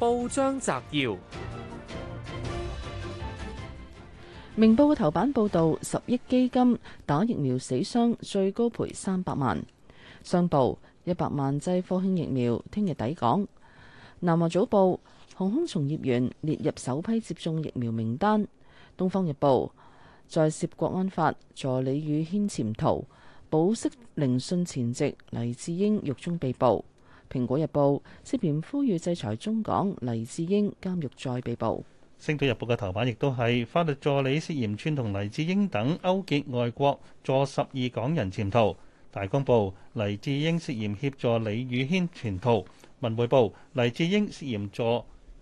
報章摘要：明報嘅頭版報道，十億基金打疫苗死傷，最高賠三百萬。商報一百萬劑科興疫苗聽日抵港。南華早報航空從業員列入首批接種疫苗名單。東方日報在涉國安法助理宇軒潛逃保釋聆訊前夕黎智英獄中被捕。《蘋果日報》涉嫌呼籲制裁中港，黎智英監獄再被捕。《星島日報》嘅頭版亦都係法律助理涉嫌串同黎智英等勾結外國，助十二港人潛逃。大公報，黎智英涉嫌協助李宇軒潛逃。文匯報，黎智英涉嫌助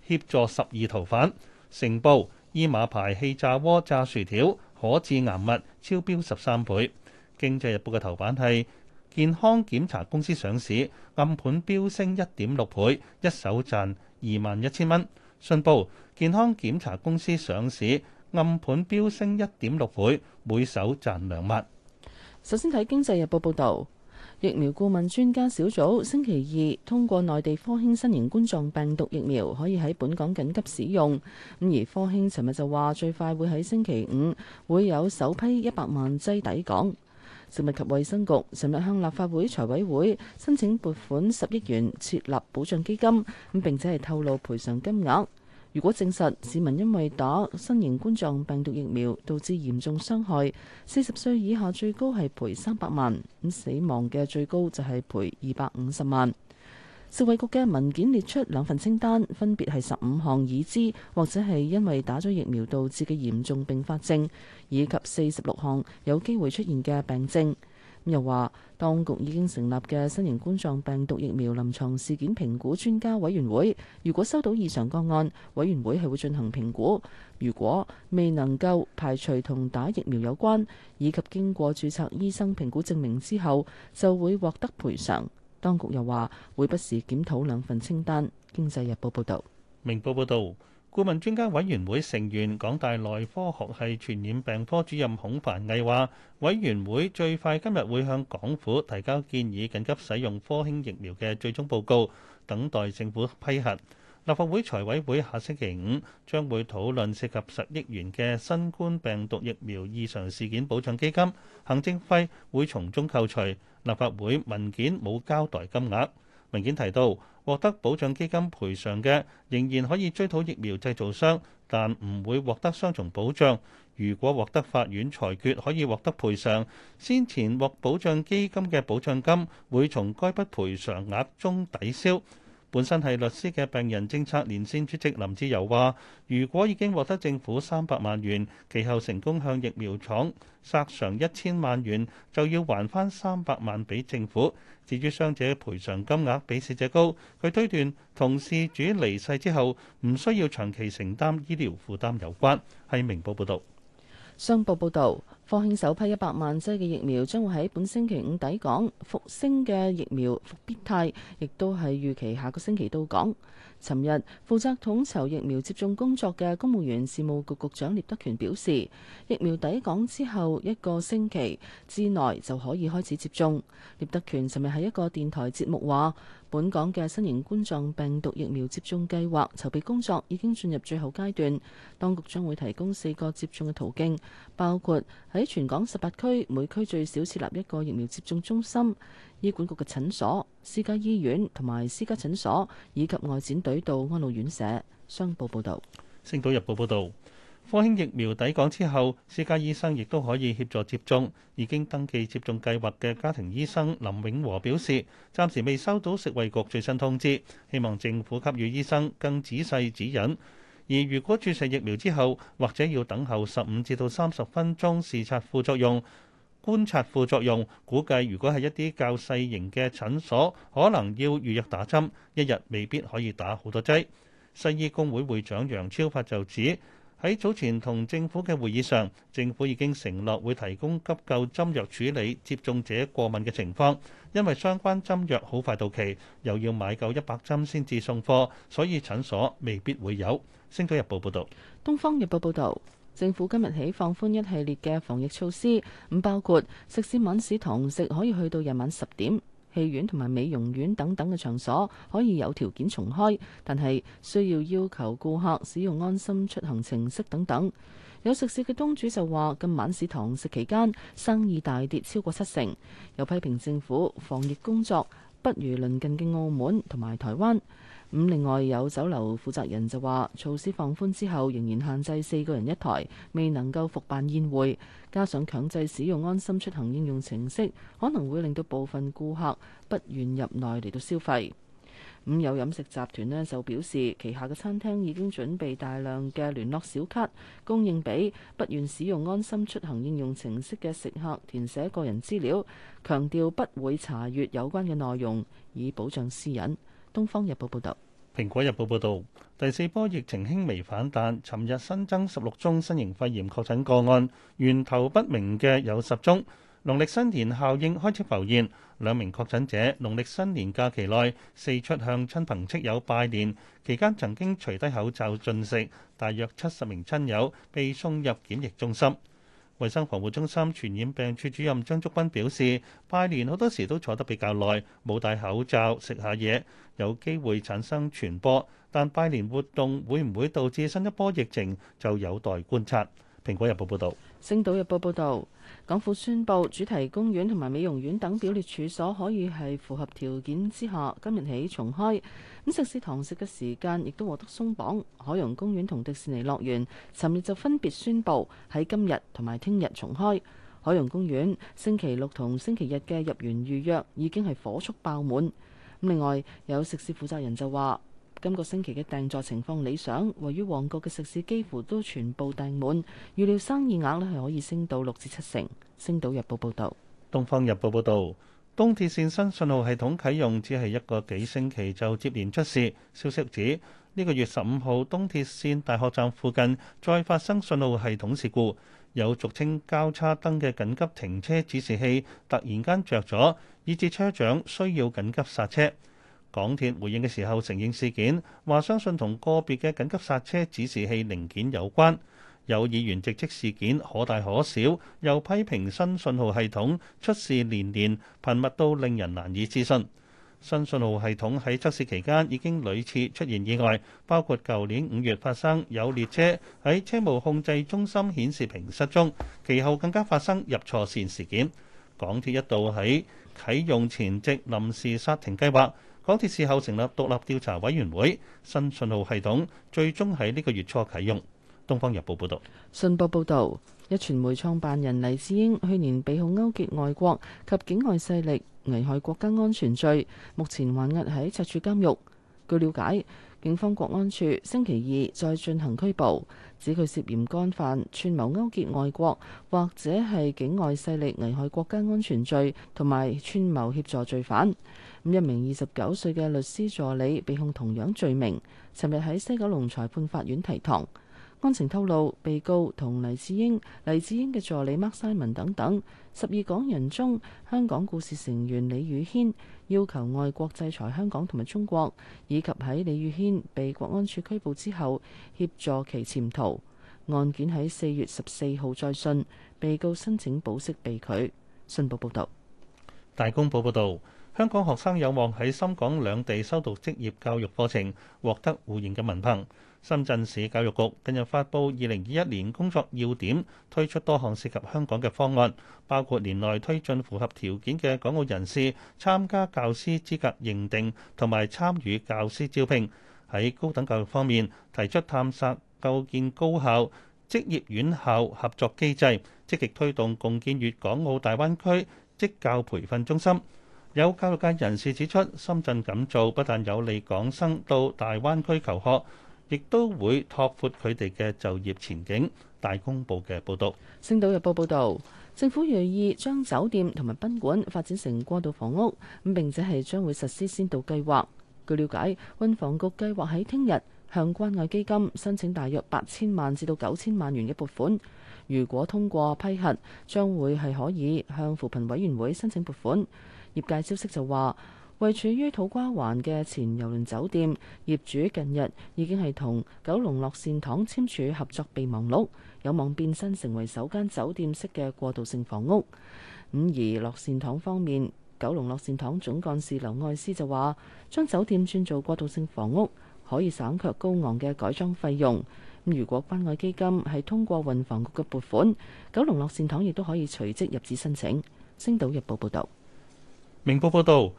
協助十二逃犯。成報，伊馬牌氣炸鍋炸薯條可致癌物超標十三倍。《經濟日報》嘅頭版係，健康檢查公司上市，暗盤飆升一點六倍，一手賺二萬一千蚊。信報：健康檢查公司上市，暗盤飆升一點六倍，每手賺兩萬。首先睇《經濟日報》報道，疫苗顧問專家小組星期二通過內地科興新型冠狀病毒疫苗可以喺本港緊急使用。咁而科興尋日就話最快會喺星期五會有首批一百萬劑抵港。食物及衛生局尋日向立法會財委會申請撥款十億元設立保障基金，咁並且係透露賠償金額。如果證實市民因為打新型冠狀病毒疫苗導致嚴重傷害，四十歲以下最高係賠三百萬，咁死亡嘅最高就係賠二百五十萬。食衞局嘅文件列出兩份清單，分別係十五項已知或者係因為打咗疫苗導致嘅嚴重併發症，以及四十六項有機會出現嘅病症。又話當局已經成立嘅新型冠狀病毒疫苗臨床事件評估專家委員會，如果收到異常個案，委員會係會進行評估。如果未能夠排除同打疫苗有關，以及經過註冊醫生評估證明之後就會獲得賠償。當局又話會不時檢討兩份清單。經濟日報報道：「明報報道，顧問專家委員會成員港大內科學系傳染病科主任孔繁毅話，委員會最快今日會向港府提交建議緊急使用科興疫苗嘅最終報告，等待政府批核。立法會財委會下星期五將會討論涉及十億元嘅新冠病毒疫苗異常事件保障基金，行政費會從中扣除。立法會文件冇交代金額。文件提到，獲得保障基金賠償嘅仍然可以追討疫苗製造商，但唔會獲得雙重保障。如果獲得法院裁決可以獲得賠償，先前獲保障基金嘅保障金會從該筆賠償額中抵消。本身係律師嘅病人政策連線主席林志友話，如果已經獲得政府三百萬元，其後成功向疫苗廠索償一千萬元，就要還翻三百萬俾政府。至於傷者賠償金額比死者高，佢推斷同事主離世之後唔需要長期承擔醫療負擔有關。係明報報道。商報報導。科興首批一百萬劑嘅疫苗將會喺本星期五抵港，復星嘅疫苗復必泰亦都係預期下個星期到港。尋日負責統籌疫苗接種工作嘅公務員事務局局，局長聶德權表示，疫苗抵港之後一個星期之內就可以開始接種。聶德權尋日喺一個電台節目話。本港嘅新型冠狀病毒疫苗接種計劃籌備工作已經進入最後階段，當局將會提供四個接種嘅途徑，包括喺全港十八區每區最少設立一個疫苗接種中心、醫管局嘅診所、私家醫院同埋私家診所，以及外展隊到安老院舍。商報報道，《星島日報》報道。科興疫苗抵港之後，私家醫生亦都可以協助接種。已經登記接種計劃嘅家庭醫生林永和表示，暫時未收到食衛局最新通知，希望政府給予醫生更仔細指引。而如果注射疫苗之後，或者要等候十五至到三十分鐘視察副作用、觀察副作用，估計如果係一啲較細型嘅診所，可能要預約打針，一日未必可以打好多劑。西醫工會會長楊超發就指。喺早前同政府嘅會議上，政府已經承諾會提供急救針藥處理接種者過敏嘅情況，因為相關針藥好快到期，又要買夠一百針先至送貨，所以診所未必會有。星島日報報道。東方日報報道，政府今日起放寬一系列嘅防疫措施，唔包括食肆晚市堂食可以去到日晚十點。戲院同埋美容院等等嘅場所可以有條件重開，但係需要要求顧客使用安心出行程式等等。有食肆嘅東主就話，今晚市堂食期間生意大跌超過七成，又批評政府防疫工作不如鄰近嘅澳門同埋台灣。咁另外有酒樓負責人就話，措施放寬之後，仍然限制四個人一台，未能夠復辦宴會。加上強制使用安心出行應用程式，可能會令到部分顧客不願入內嚟到消費。咁、嗯、有飲食集團呢就表示，旗下嘅餐廳已經準備大量嘅聯絡小卡供應俾不願使用安心出行應用程式嘅食客填寫個人資料，強調不會查閱有關嘅內容，以保障私隱。《東方日報》報導，《蘋果日報》報導，第四波疫情輕微反彈，尋日新增十六宗新型肺炎確診個案，源頭不明嘅有十宗。農曆新年效應開始浮現，兩名確診者農曆新年假期內四出向親朋戚友拜年，期間曾經除低口罩進食，大約七十名親友被送入檢疫中心。衞生防護中心傳染病處主任張竹君表示：拜年好多時都坐得比較耐，冇戴口罩，食下嘢，有機會產生傳播。但拜年活動會唔會導致新一波疫情，就有待觀察。《蘋果日報》報導。星島日報報道，港府宣布主題公園同埋美容院等表列處所可以喺符合條件之下，今日起重開。咁食肆堂食嘅時間亦都獲得鬆綁，海洋公園同迪士尼樂園尋日就分別宣布喺今日同埋聽日重開。海洋公園星期六同星期日嘅入園預約已經係火速爆滿。咁另外，有食肆負責人就話：今個星期嘅訂座情況理想，位於旺角嘅食肆幾乎都全部訂滿，預料生意額呢係可以升到六至七成。星島日報報道。東方日報報道，東鐵線新信號系統啟用只係一個幾星期就接連出事。消息指呢個月十五號，東鐵線大學站附近再發生信號系統事故，有俗稱交叉燈嘅緊急停車指示器突然間着咗，以致車長需要緊急剎車。港鐵回應嘅時候承認事件，話相信同個別嘅緊急剎車指示器零件有關，有議員直斥事件可大可小，又批評新信號系統出事連連頻密到令人難以置信。新信號系統喺測試期間已經屢次出現意外，包括舊年五月發生有列車喺車務控制中心顯示屏失蹤，其後更加發生入錯線事件。港鐵一度喺啟用前夕臨時剎停計劃。港鐵事後成立獨立調查委員會，新信號系統最終喺呢個月初啟用。《東方日報》報導，《信報》報導，一傳媒創辦人黎智英去年被控勾結外國及境外勢力，危害國家安全罪，目前還押喺赤柱監獄。據了解。警方國安處星期二再進行拘捕，指佢涉嫌干犯串謀勾結外國，或者係境外勢力危害國家安全罪，同埋串謀協助罪犯。咁一名二十九歲嘅律師助理被控同樣罪名，尋日喺西九龍裁判法院提堂。案情透露，被告同黎智英、黎智英嘅助理 Mark Simon 等等，十二港人中，香港故事成員李宇軒要求外國制裁香港同埋中國，以及喺李宇軒被國安處拘捕之後協助其潛逃。案件喺四月十四號再訊，被告申請保釋被拒。信報報道，大公報報道。香港學生有望喺深港兩地修讀職業教育課程獲得互認嘅文憑。深圳市教育局近日發布2021年工作要點，推出多項涉及香港嘅方案，包括年內推進符合條件嘅港澳人士參加教師資格認定同埋參與教師招聘。喺高等教育方面，提出探索構建高校、職業院校合作機制，積極推動共建粵港澳大灣區職教培訓中心。有教育界人士指出，深圳咁做不但有利港生到大灣區求學，亦都會拓闊佢哋嘅就業前景。大公報嘅報道。星島日報報道，政府有意將酒店同埋賓館發展成過渡房屋，咁並且係將會實施先導計劃。據了解，運房局計劃喺聽日向關愛基金申請大約八千萬至到九千萬元嘅撥款。如果通過批核，將會係可以向扶貧委員會申請撥款。業界消息就話，位處於土瓜灣嘅前郵輪酒店業主近日已經係同九龍樂善堂簽署合作備忘錄，有望變身成為首間酒店式嘅過渡性房屋。咁而樂善堂方面，九龍樂善堂總幹事劉愛思就話，將酒店轉做過渡性房屋可以省卻高昂嘅改裝費用。咁如果關愛基金係通過運房局嘅撥款，九龍樂善堂亦都可以隨即入資申請。星島日報報道。明報報道，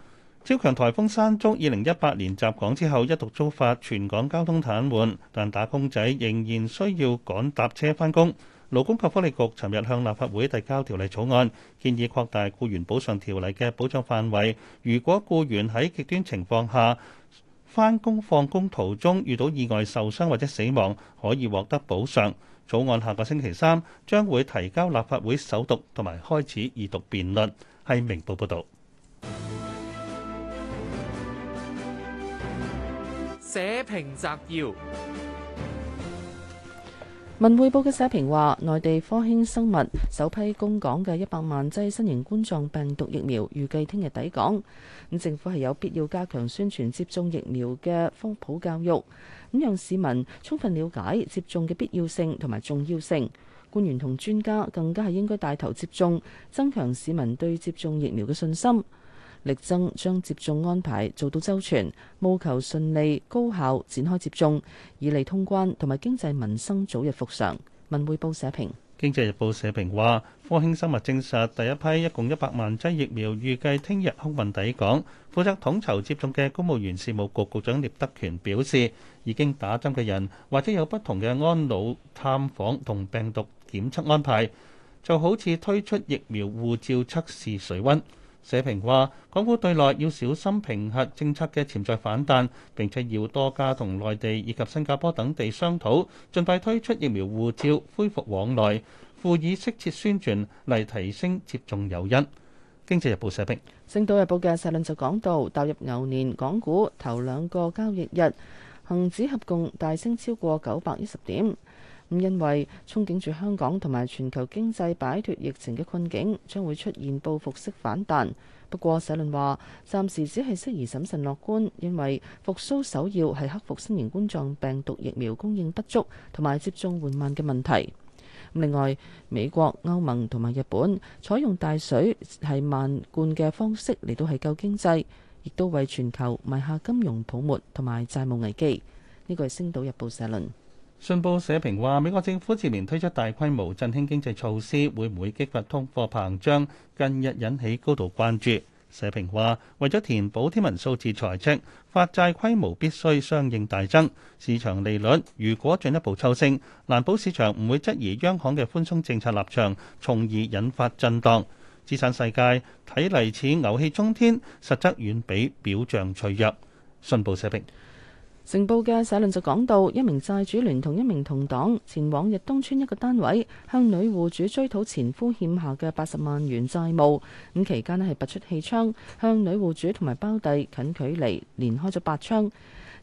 超強颱風山竹二零一八年襲港之後一度遭發，全港交通癱瘓，但打工仔仍然需要趕搭車翻工。勞工及福利局尋日向立法會提交條例草案，建議擴大僱員補償條例嘅保障範圍。如果僱員喺極端情況下翻工放工途中遇到意外受傷或者死亡，可以獲得補償。草案下個星期三將會提交立法會首讀，同埋開始二讀辯論。係明報報道。社評摘要：文匯報嘅社評話，內地科興生物首批供港嘅一百萬劑新型冠狀病毒疫苗預計聽日抵港。咁政府係有必要加強宣傳接種疫苗嘅科普教育，咁讓市民充分了解接種嘅必要性同埋重要性。官員同專家更加係應該帶頭接種，增強市民對接種疫苗嘅信心。力爭將接種安排做到周全，務求順利高效展開接種，以利通關同埋經濟民生早日復常。文匯報社評。《經濟日報》社評話：科興生物證實第一批一共一百萬劑疫苗預計聽日空運抵港。負責統籌接種嘅公務員事務局局長聶德權表示，已經打針嘅人或者有不同嘅安老探訪同病毒檢測安排，就好似推出疫苗護照，測試水溫。社評話，港股對內要小心評核政策嘅潛在反彈，並且要多加同內地以及新加坡等地商討，盡快推出疫苗護照，恢復往來，輔以適切宣傳嚟，提升接種誘因。經濟日報社評。星島日報嘅社論就講到，踏入牛年，港股頭兩個交易日，恒指合共大升超過九百一十點。咁因為憧憬住香港同埋全球經濟擺脱疫情嘅困境，將會出現報復式反彈。不過，社論話暫時只係適宜審慎樂觀，因為復甦首要係克服新型冠狀病毒疫苗供應不足同埋接種緩慢嘅問題。另外，美國、歐盟同埋日本採用大水係漫灌嘅方式嚟到係救經濟，亦都為全球埋下金融泡沫同埋債務危機。呢個係《星島日報》社論。信報社評話，美國政府接連推出大規模振興經濟措施，會唔會激發通貨膨脹，近日引起高度關注。社評話，為咗填補天文數字財赤，發債規模必須相應大增，市場利率如果進一步抽升，難保市場唔會質疑央行嘅寬鬆政策立場，從而引發震盪。資產世界睇嚟似牛氣沖天，實則遠比表象脆弱。信報社評。成報嘅社論就講到，一名債主聯同一名同黨前往日東村一個單位，向女戶主追討前夫欠下嘅八十萬元債務。咁期間咧係拔出氣槍，向女戶主同埋胞弟近距離連開咗八槍，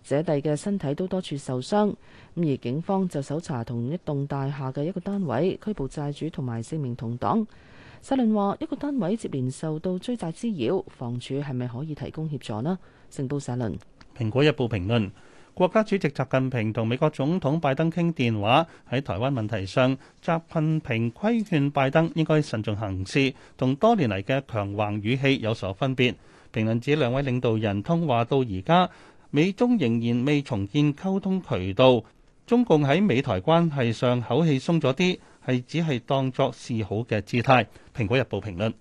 姐弟嘅身體都多處受傷。咁而警方就搜查同一棟大廈嘅一個單位，拘捕債主同埋四名同黨。社論話，一個單位接連受到追債之擾，房署係咪可以提供協助呢？成報社論，《蘋果日報》評論。國家主席習近平同美國總統拜登傾電話，喺台灣問題上，習近平規勸拜登應該慎重行事，同多年嚟嘅強橫語氣有所分別。評論指，兩位領導人通話到而家，美中仍然未重建溝通渠道。中共喺美台關係上口氣鬆咗啲，係只係當作示好嘅姿態。《蘋果日報評論》評論。